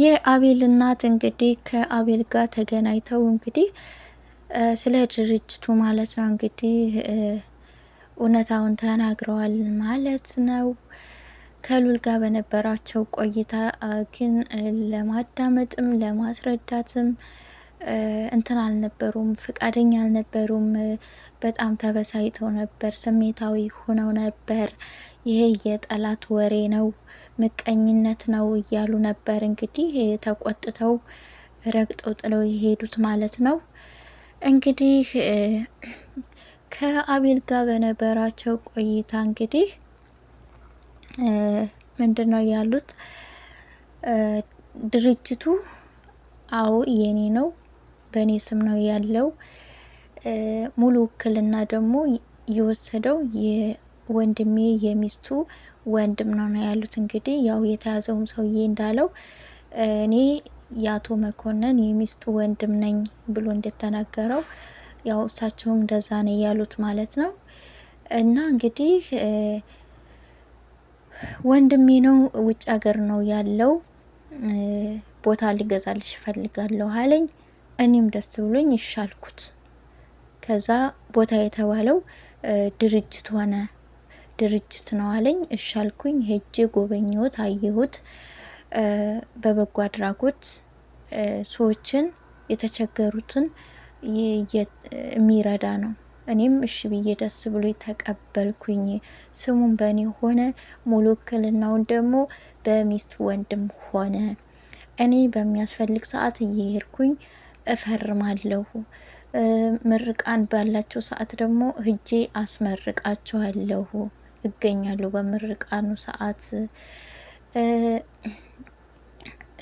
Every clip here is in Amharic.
የአቤል እናት እንግዲህ ከአቤል ጋር ተገናኝተው እንግዲህ ስለ ድርጅቱ ማለት ነው እንግዲህ እውነታውን ተናግረዋል ማለት ነው። ከሉል ጋር በነበራቸው ቆይታ ግን ለማዳመጥም ለማስረዳትም እንትን አልነበሩም፣ ፍቃደኛ አልነበሩም። በጣም ተበሳይተው ነበር፣ ስሜታዊ ሆነው ነበር። ይሄ የጠላት ወሬ ነው፣ ምቀኝነት ነው እያሉ ነበር እንግዲህ ተቆጥተው ረግጠው ጥለው የሄዱት ማለት ነው። እንግዲህ ከአቤል ጋር በነበራቸው ቆይታ እንግዲህ ምንድን ነው ያሉት ድርጅቱ አዎ የኔ ነው በእኔ ስም ነው ያለው። ሙሉ ውክልና ደግሞ የወሰደው የወንድሜ የሚስቱ ወንድም ነው ነው ያሉት። እንግዲህ ያው የተያዘውም ሰውዬ እንዳለው እኔ የአቶ መኮንን የሚስቱ ወንድም ነኝ ብሎ እንደተናገረው ያው እሳቸውም እንደዛ ነው ያሉት ማለት ነው። እና እንግዲህ ወንድሜ ነው ውጭ ሀገር ነው ያለው ቦታ ሊገዛልሽ እፈልጋለሁ አለኝ። እኔም ደስ ብሎኝ ይሻልኩት። ከዛ ቦታ የተባለው ድርጅት ሆነ ድርጅት ነው አለኝ። እሻልኩኝ ሄጄ ጎበኘሁት፣ አየሁት። በበጎ አድራጎት ሰዎችን የተቸገሩትን የሚረዳ ነው። እኔም እሺ ብዬ ደስ ብሎ ተቀበልኩኝ። ስሙም በእኔ ሆነ፣ ሙሉ ውክልናውን ደግሞ በሚስት ወንድም ሆነ። እኔ በሚያስፈልግ ሰዓት እየሄድኩኝ እፈርማለሁ። ምርቃን ባላቸው ሰዓት ደግሞ ህጄ አስመርቃቸዋለሁ እገኛለሁ በምርቃኑ ሰዓት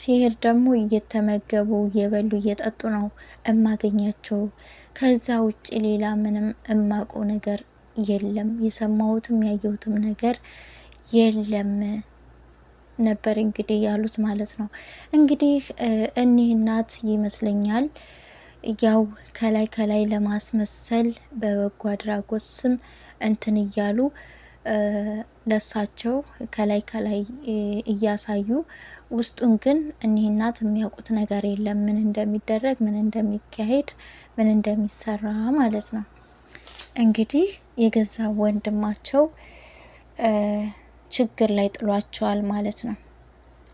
ሲሄድ ደግሞ እየተመገቡ እየበሉ እየጠጡ ነው እማገኛቸው። ከዛ ውጭ ሌላ ምንም እማቀው ነገር የለም። የሰማሁትም ያየሁትም ነገር የለም። ነበር እንግዲህ ያሉት ማለት ነው። እንግዲህ እኒህ እናት ይመስለኛል ያው ከላይ ከላይ ለማስመሰል በበጎ አድራጎት ስም እንትን እያሉ ለሳቸው ከላይ ከላይ እያሳዩ ውስጡን ግን እኒህ እናት የሚያውቁት ነገር የለም፣ ምን እንደሚደረግ፣ ምን እንደሚካሄድ፣ ምን እንደሚሰራ ማለት ነው። እንግዲህ የገዛ ወንድማቸው ችግር ላይ ጥሏቸዋል ማለት ነው።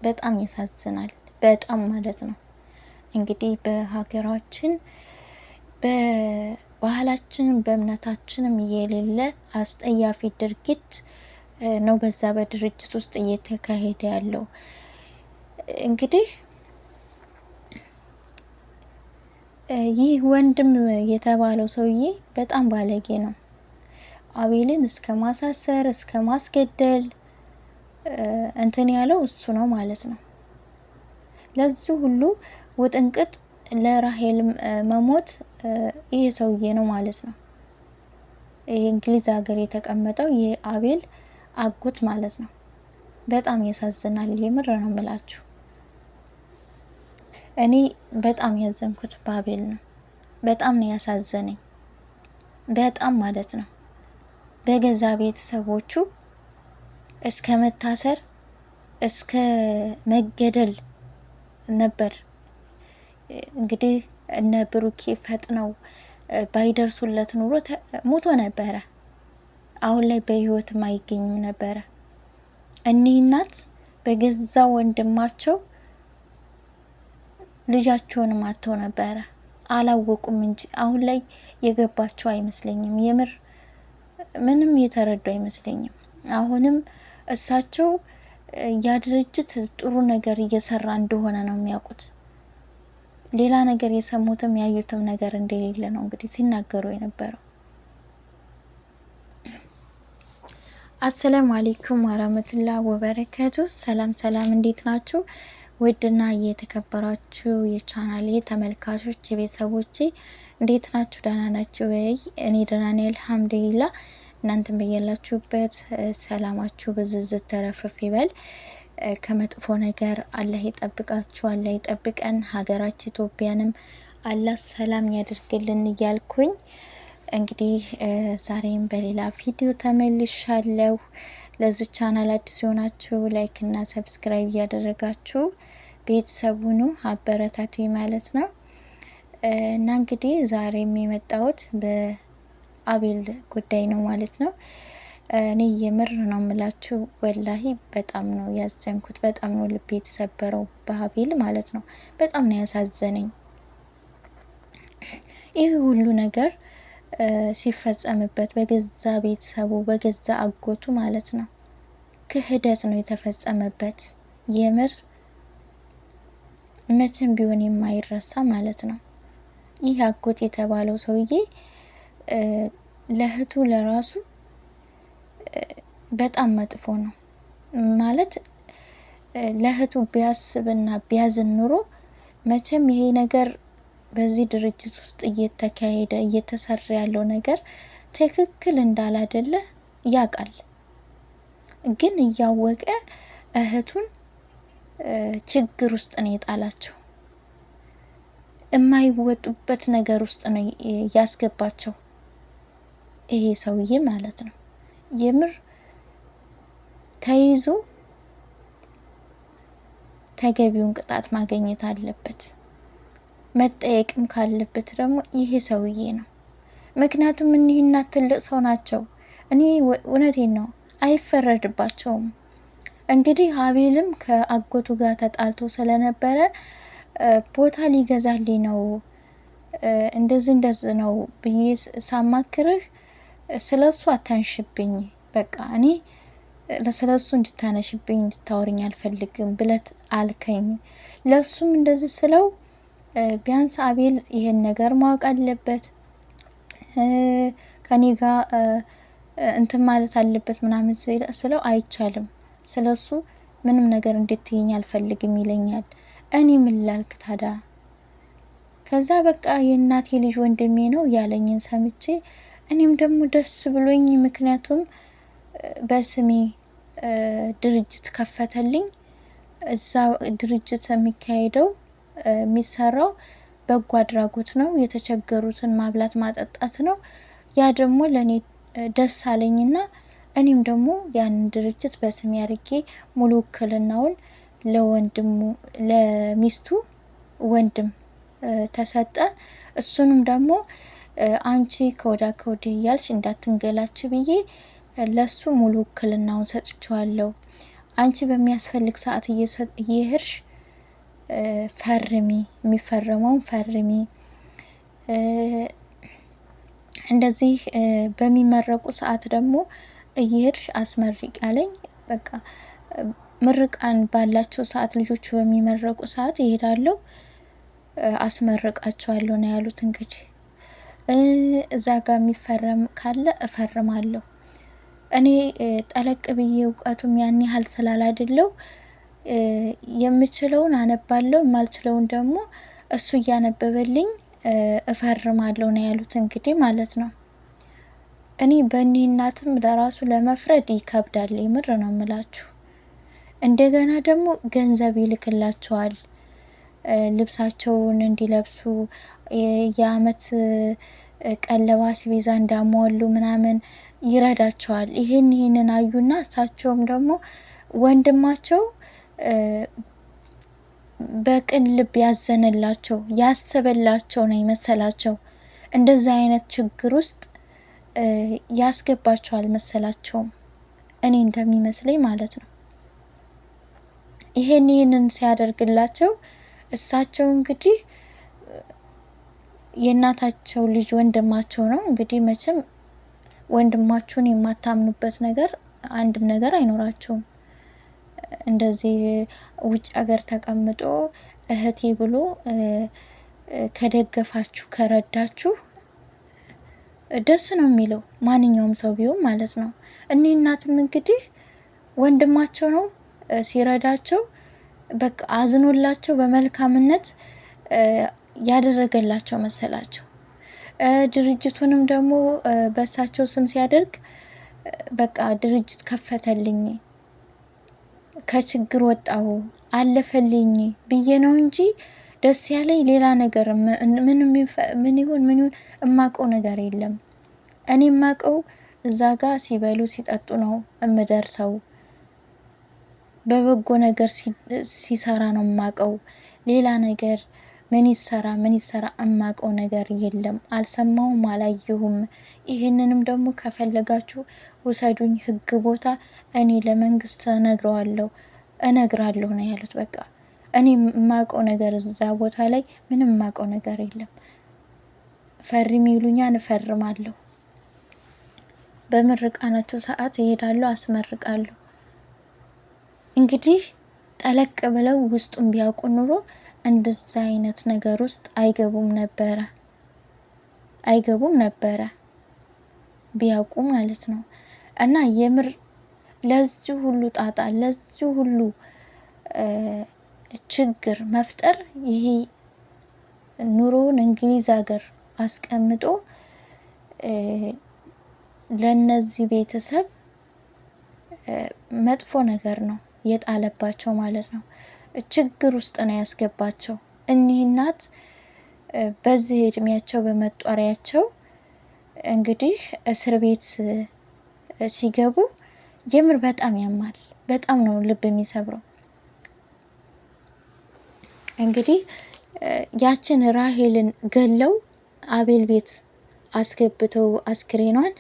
በጣም ያሳዝናል። በጣም ማለት ነው እንግዲህ በሀገራችን በባህላችንም በእምነታችንም የሌለ አስጠያፊ ድርጊት ነው በዛ በድርጅት ውስጥ እየተካሄደ ያለው። እንግዲህ ይህ ወንድም የተባለው ሰውዬ በጣም ባለጌ ነው። አቤልን እስከ ማሳሰር እስከ ማስገደል እንትን ያለው እሱ ነው ማለት ነው። ለዚህ ሁሉ ውጥንቅጥ ለራሄል መሞት ይሄ ሰውዬ ነው ማለት ነው። ይሄ እንግሊዝ ሀገር የተቀመጠው የአቤል አጎት ማለት ነው። በጣም ያሳዝናል። የምር ነው ምላችሁ። እኔ በጣም ያዘንኩት በአቤል ነው። በጣም ነው ያሳዘነኝ። በጣም ማለት ነው በገዛ ቤተሰቦቹ እስከ መታሰር እስከ መገደል ነበር። እንግዲህ እነ ብሩኬ ፈጥነው ባይደርሱለት ኑሮ ሞቶ ነበረ። አሁን ላይ በህይወትም አይገኝም ነበረ። እኒህ እናት በገዛ ወንድማቸው ልጃቸውንም አጥተው ነበረ። አላወቁም እንጂ አሁን ላይ የገባቸው አይመስለኝም። የምር ምንም የተረዱ አይመስለኝም። አሁንም እሳቸው ያ ድርጅት ጥሩ ነገር እየሰራ እንደሆነ ነው የሚያውቁት። ሌላ ነገር የሰሙትም ያዩትም ነገር እንደሌለ ነው እንግዲህ ሲናገሩ የነበረው። አሰላሙ አሌይኩም ወራህመቱላ ወበረከቱ። ሰላም ሰላም፣ እንዴት ናችሁ? ውድና የተከበራችሁ የቻናሌ ተመልካቾች፣ የቤተሰቦቼ እንዴት ናችሁ? ደህና ናችሁ ወይ? እኔ ደህና ነኝ እናንተም በያላችሁበት ሰላማችሁ ብዝዝት ተረፍርፍ ይበል። ከመጥፎ ነገር አላህ ይጠብቃችሁ፣ አላህ ይጠብቀን። ሀገራችን ኢትዮጵያንም አላህ ሰላም ያደርግልን እያልኩኝ እንግዲህ ዛሬም በሌላ ቪዲዮ ተመልሻለሁ። ለዚህ ቻናል አዲስ የሆናችሁ ላይክ እና ሰብስክራይብ እያደረጋችሁ ቤተሰቡኑ አበረታቱ ማለት ነው እና እንግዲህ ዛሬም የመጣሁት አቤል ጉዳይ ነው ማለት ነው። እኔ የምር ነው የምላችሁ፣ ወላሂ በጣም ነው ያዘንኩት። በጣም ነው ልቤ የተሰበረው በአቤል ማለት ነው። በጣም ነው ያሳዘነኝ። ይህ ሁሉ ነገር ሲፈጸምበት በገዛ ቤተሰቡ በገዛ አጎቱ ማለት ነው ክህደት ነው የተፈጸመበት። የምር መቼም ቢሆን የማይረሳ ማለት ነው። ይህ አጎት የተባለው ሰውዬ ለእህቱ ለራሱ በጣም መጥፎ ነው ማለት ለእህቱ ቢያስብና ቢያዝን ኑሮ መቼም ይሄ ነገር በዚህ ድርጅት ውስጥ እየተካሄደ እየተሰራ ያለው ነገር ትክክል እንዳላደለ ያውቃል። ግን እያወቀ እህቱን ችግር ውስጥ ነው የጣላቸው። የማይወጡበት ነገር ውስጥ ነው ያስገባቸው። ይሄ ሰውዬ ማለት ነው የምር ተይዞ ተገቢውን ቅጣት ማግኘት አለበት። መጠየቅም ካለበት ደግሞ ይሄ ሰውዬ ነው። ምክንያቱም እኒህ እናት ትልቅ ሰው ናቸው። እኔ እውነቴን ነው፣ አይፈረድባቸውም። እንግዲህ ሀቤልም ከአጎቱ ጋር ተጣልቶ ስለነበረ ቦታ ሊገዛልኝ ነው እንደዚህ እንደዚህ ነው ብዬ ሳማክርህ ስለ እሱ አታንሽብኝ፣ በቃ እኔ ስለ እሱ እንድታነሽብኝ እንድታወርኝ አልፈልግም ብለት አልከኝ። ለእሱም እንደዚህ ስለው ቢያንስ አቤል ይሄን ነገር ማወቅ አለበት ከኔ ጋር እንትን ማለት አለበት ምናምን ስለው አይቻልም፣ ስለ እሱ ምንም ነገር እንዴት አልፈልግም ይለኛል። እኔ ምን ላልክ ታዳ? ከዛ በቃ የእናቴ ልጅ ወንድሜ ነው ያለኝን ሰምቼ እኔም ደግሞ ደስ ብሎኝ ምክንያቱም በስሜ ድርጅት ከፈተልኝ። እዛ ድርጅት የሚካሄደው የሚሰራው በጎ አድራጎት ነው። የተቸገሩትን ማብላት ማጠጣት ነው። ያ ደግሞ ለእኔ ደስ አለኝና እኔም ደግሞ ያንን ድርጅት በስሜ አድርጌ ሙሉ ውክልናውን ለወንድሙ ለሚስቱ ወንድም ተሰጠ። እሱንም ደግሞ አንቺ ከወዳ ከወዲ እያልሽ እንዳትንገላች ብዬ ለሱ ሙሉ ውክልናውን ሰጥቼዋለሁ። አንቺ በሚያስፈልግ ሰዓት እየሄድሽ ፈርሚ፣ የሚፈርመውን ፈርሚ። እንደዚህ በሚመረቁ ሰዓት ደግሞ እየሄድሽ አስመርቅ ያለኝ በቃ ምርቃን ባላቸው ሰዓት ልጆቹ በሚመረቁ ሰዓት ይሄዳለሁ፣ አስመርቃቸዋለሁ ነው ያሉት እንግዲህ እዛ ጋር የሚፈረም ካለ እፈርማለሁ። እኔ ጠለቅ ብዬ እውቀቱም ያን ያህል ስላል አይደለው የምችለውን አነባለሁ የማልችለውን ደግሞ እሱ እያነበበልኝ እፈርማለሁ ነው ያሉት እንግዲህ ማለት ነው። እኔ በእኒህ እናትም ለራሱ ለመፍረድ ይከብዳል። የምር ነው የምላችሁ። እንደገና ደግሞ ገንዘብ ይልክላቸዋል ልብሳቸውን እንዲለብሱ የአመት ቀለባ ስቤዛ እንዳሟሉ ምናምን ይረዳቸዋል። ይህን ይህንን አዩና እሳቸውም ደግሞ ወንድማቸው በቅን ልብ ያዘነላቸው ያሰበላቸው ነው የመሰላቸው። እንደዚህ አይነት ችግር ውስጥ ያስገባቸው አልመሰላቸውም። እኔ እንደሚመስለኝ ማለት ነው። ይህን ይህንን ሲያደርግላቸው እሳቸው እንግዲህ የእናታቸው ልጅ ወንድማቸው ነው። እንግዲህ መቼም ወንድማችሁን የማታምኑበት ነገር አንድም ነገር አይኖራቸውም። እንደዚህ ውጭ ሀገር ተቀምጦ እህቴ ብሎ ከደገፋችሁ ከረዳችሁ ደስ ነው የሚለው ማንኛውም ሰው ቢሆን ማለት ነው። እኒህ እናትም እንግዲህ ወንድማቸው ነው ሲረዳቸው በቃ አዝኖላቸው በመልካምነት ያደረገላቸው መሰላቸው። ድርጅቱንም ደግሞ በእሳቸው ስም ሲያደርግ በቃ ድርጅት ከፈተልኝ፣ ከችግር ወጣሁ፣ አለፈልኝ ብዬ ነው እንጂ ደስ ያለኝ ሌላ ነገር ምን ይሁን ምን ይሁን እማቀው ነገር የለም። እኔ እማቀው እዛ ጋ ሲበሉ ሲጠጡ ነው እምደርሰው። በበጎ ነገር ሲሰራ ነው እማቀው ሌላ ነገር ምን ይሰራ ምን ይሰራ እማቀው ነገር የለም፣ አልሰማውም፣ አላየሁም። ይህንንም ደግሞ ከፈለጋችሁ ውሰዱኝ ህግ ቦታ እኔ ለመንግስት እነግረዋለሁ እነግራለሁ ነው ያሉት። በቃ እኔ የማቀው ነገር እዛ ቦታ ላይ ምንም የማቀው ነገር የለም። ፈርም ይሉኛ እፈርማለሁ። በምርቃናቸው ሰዓት እሄዳለሁ፣ አስመርቃለሁ እንግዲህ ጠለቅ ብለው ውስጡን ቢያውቁ ኑሮ እንደዛ አይነት ነገር ውስጥ አይገቡም ነበረ አይገቡም ነበረ ቢያውቁ ማለት ነው። እና የምር ለዚህ ሁሉ ጣጣ ለዚህ ሁሉ ችግር መፍጠር ይሄ ኑሮውን እንግሊዝ ሀገር አስቀምጦ ለነዚህ ቤተሰብ መጥፎ ነገር ነው። የጣለባቸው ማለት ነው። ችግር ውስጥ ነው ያስገባቸው። እኒህ እናት በዚህ እድሜያቸው በመጧሪያቸው እንግዲህ እስር ቤት ሲገቡ የምር በጣም ያማል። በጣም ነው ልብ የሚሰብረው። እንግዲህ ያችን ራሄልን ገለው አቤል ቤት አስገብተው አስክሬኗን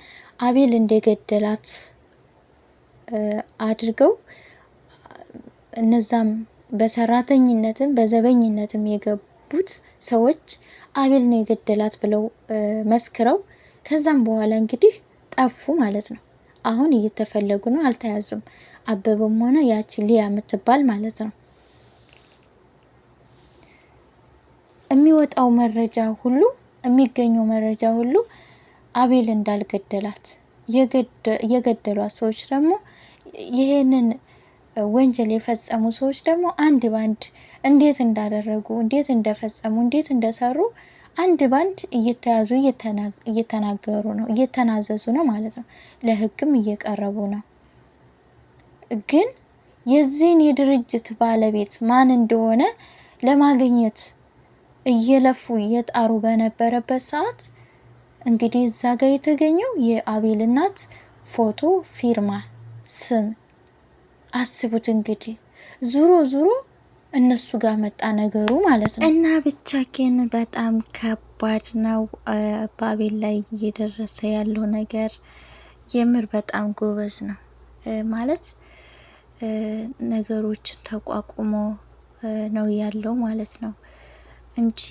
አቤል እንደገደላት አድርገው እነዛም በሰራተኝነትም በዘበኝነትም የገቡት ሰዎች አቤል ነው የገደላት ብለው መስክረው ከዛም በኋላ እንግዲህ ጠፉ ማለት ነው። አሁን እየተፈለጉ ነው፣ አልተያዙም። አበበም ሆነ ያቺ ሊያ የምትባል ማለት ነው። የሚወጣው መረጃ ሁሉ የሚገኘው መረጃ ሁሉ አቤል እንዳልገደላት የገደሏት ሰዎች ደግሞ ይሄንን ወንጀል የፈጸሙ ሰዎች ደግሞ አንድ ባንድ እንዴት እንዳደረጉ፣ እንዴት እንደፈጸሙ፣ እንዴት እንደሰሩ አንድ ባንድ እየተያዙ እየተናገሩ ነው፣ እየተናዘዙ ነው ማለት ነው። ለህግም እየቀረቡ ነው። ግን የዚህን የድርጅት ባለቤት ማን እንደሆነ ለማግኘት እየለፉ እየጣሩ በነበረበት ሰዓት እንግዲህ እዛ ጋር የተገኘው የአቤል እናት ፎቶ፣ ፊርማ፣ ስም አስቡት እንግዲህ ዙሮ ዙሮ እነሱ ጋር መጣ ነገሩ ማለት ነው። እና ብቻ ግን በጣም ከባድ ነው። ባቤል ላይ እየደረሰ ያለው ነገር የምር በጣም ጎበዝ ነው ማለት ነገሮች ተቋቁሞ ነው ያለው ማለት ነው እንጂ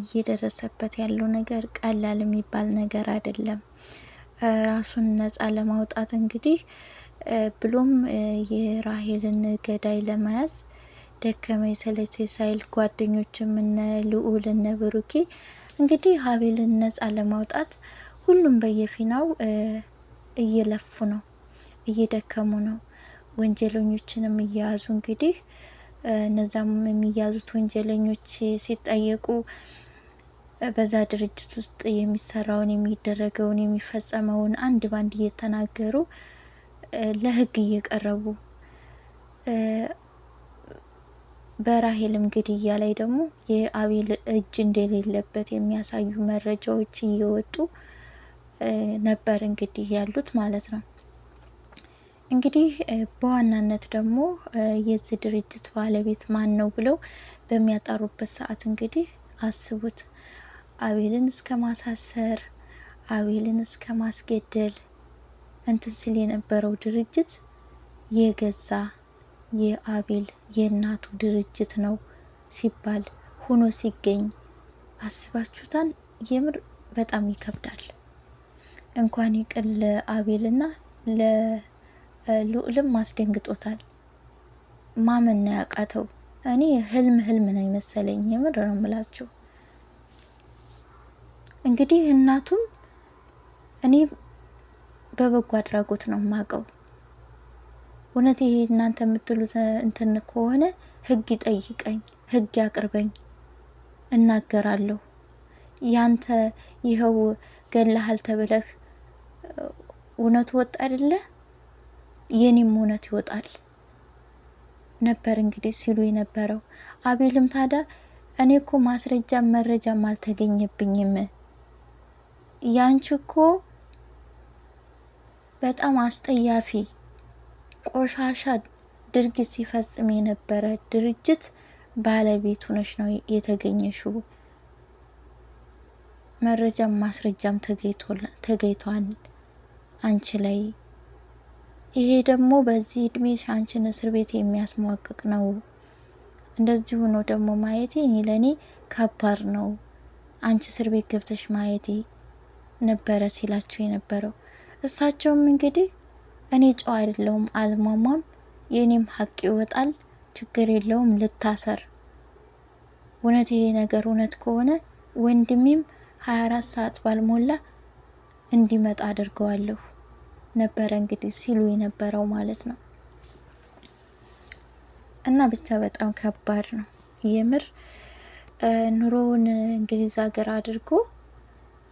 እየደረሰበት ያለው ነገር ቀላል የሚባል ነገር አይደለም። ራሱን ነጻ ለማውጣት እንግዲህ ብሎም የራሄልን ገዳይ ለመያዝ ደከመኝ ሰለቸኝ ሳይል ጓደኞችም እነ ልዑል እነ ብሩኬ እንግዲህ ሀቤልን ነጻ ለማውጣት ሁሉም በየፊናው እየለፉ ነው፣ እየደከሙ ነው። ወንጀለኞችንም እያያዙ እንግዲህ እነዛም የሚያዙት ወንጀለኞች ሲጠየቁ በዛ ድርጅት ውስጥ የሚሰራውን የሚደረገውን የሚፈጸመውን አንድ ባንድ እየተናገሩ ለህግ እየቀረቡ በራሄልም ግድያ ላይ ደግሞ የአቤል እጅ እንደሌለበት የሚያሳዩ መረጃዎች እየወጡ ነበር እንግዲህ ያሉት ማለት ነው። እንግዲህ በዋናነት ደግሞ የዚህ ድርጅት ባለቤት ማን ነው ብለው በሚያጣሩበት ሰዓት እንግዲህ አስቡት አቤልን እስከ ማሳሰር አቤልን እስከ ማስገደል እንትን ሲል የነበረው ድርጅት የገዛ የአቤል የእናቱ ድርጅት ነው ሲባል ሆኖ ሲገኝ አስባችሁታል? የምር በጣም ይከብዳል። እንኳን ይቅር ለአቤልና ለልዑልም አስደንግጦታል። ማመን ያቃተው እኔ ህልም ህልም ነው የመሰለኝ። የምር ነው ምላችሁ እንግዲህ እናቱም እኔ በበጎ አድራጎት ነው የማውቀው። እውነት ይሄ እናንተ የምትሉት እንትን ከሆነ ህግ ይጠይቀኝ፣ ህግ ያቅርበኝ፣ እናገራለሁ። ያንተ ይኸው ገላሃል ተብለህ እውነቱ ወጣ አይደለ? የኔም እውነት ይወጣል ነበር እንግዲህ ሲሉ የነበረው። አቤልም ታዲያ እኔ እኮ ማስረጃም መረጃም አልተገኘብኝም ያንቺ እኮ በጣም አስጠያፊ ቆሻሻ ድርጊት ሲፈጽም የነበረ ድርጅት ባለቤት ሆነሽ ነው የተገኘሽው። መረጃም ማስረጃም ተገኝቷል አንቺ ላይ። ይሄ ደግሞ በዚህ እድሜሽ አንቺን እስር ቤት የሚያስሟቅቅ ነው። እንደዚህ ሆኖ ደግሞ ማየቴ እኔ ለእኔ ከባድ ነው። አንቺ እስር ቤት ገብተሽ ማየቴ ነበረ ሲላቸው የነበረው። እሳቸውም እንግዲህ እኔ ጨዋ አይደለሁም፣ አልሟሟም፣ የእኔም ሀቅ ይወጣል፣ ችግር የለውም፣ ልታሰር እውነት ይሄ ነገር እውነት ከሆነ ወንድሜም 24 ሰዓት ባልሞላ እንዲመጣ አድርገዋለሁ ነበረ እንግዲህ ሲሉ የነበረው ማለት ነው። እና ብቻ በጣም ከባድ ነው የምር ኑሮውን እንግሊዝ ሀገር አድርጎ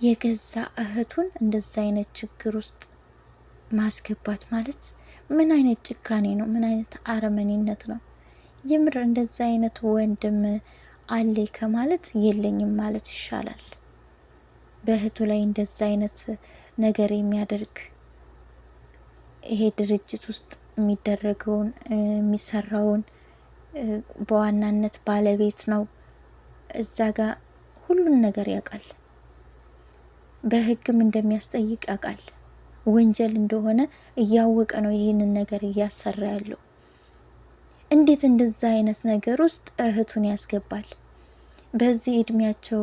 የገዛ እህቱን እንደዛ አይነት ችግር ውስጥ ማስገባት ማለት ምን አይነት ጭካኔ ነው? ምን አይነት አረመኔነት ነው? የምር እንደዛ አይነት ወንድም አሌ ከማለት የለኝም ማለት ይሻላል። በእህቱ ላይ እንደዛ አይነት ነገር የሚያደርግ ይሄ ድርጅት ውስጥ የሚደረገውን የሚሰራውን በዋናነት ባለቤት ነው። እዛ ጋር ሁሉን ነገር ያውቃል። በህግም እንደሚያስጠይቅ ያውቃል። ወንጀል እንደሆነ እያወቀ ነው ይህንን ነገር እያሰራ ያለው። እንዴት እንደዛ አይነት ነገር ውስጥ እህቱን ያስገባል? በዚህ እድሜያቸው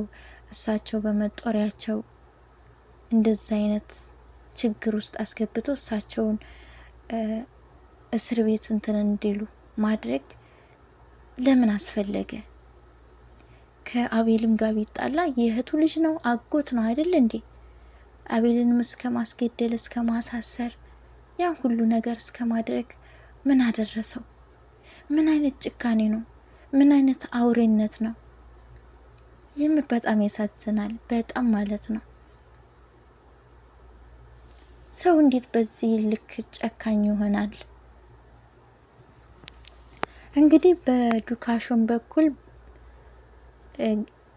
እሳቸው በመጦሪያቸው እንደዛ አይነት ችግር ውስጥ አስገብቶ እሳቸውን እስር ቤት እንትን እንዲሉ ማድረግ ለምን አስፈለገ? ከአቤልም ጋር ቢጣላ የእህቱ ልጅ ነው፣ አጎት ነው አይደል እንዴ? አቤልንም እስከ ማስገደል እስከ ማሳሰር ያን ሁሉ ነገር እስከ ማድረግ ምን አደረሰው? ምን አይነት ጭካኔ ነው? ምን አይነት አውሬነት ነው? ይህም በጣም ያሳዝናል። በጣም ማለት ነው። ሰው እንዴት በዚህ ልክ ጨካኝ ይሆናል? እንግዲህ በዱካሾን በኩል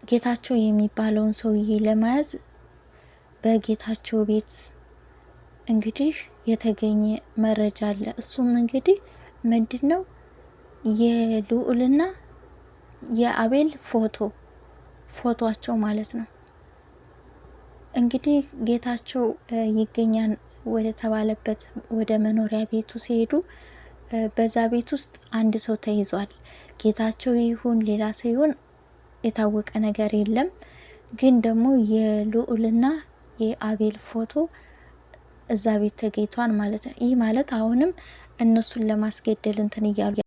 ጌታቸው የሚባለውን ሰውዬ ለመያዝ በጌታቸው ቤት እንግዲህ የተገኘ መረጃ አለ። እሱም እንግዲህ ምንድን ነው የልዑልና የአቤል ፎቶ ፎቶቸው ማለት ነው። እንግዲህ ጌታቸው ይገኛል ወደ ተባለበት ወደ መኖሪያ ቤቱ ሲሄዱ በዛ ቤት ውስጥ አንድ ሰው ተይዟል። ጌታቸው ይሁን ሌላ ሰው ይሁን የታወቀ ነገር የለም። ግን ደግሞ የልዑልና የአቤል ፎቶ እዛ ቤት ተገኝቷል ማለት ነው። ይህ ማለት አሁንም እነሱን ለማስገደል እንትን እያሉ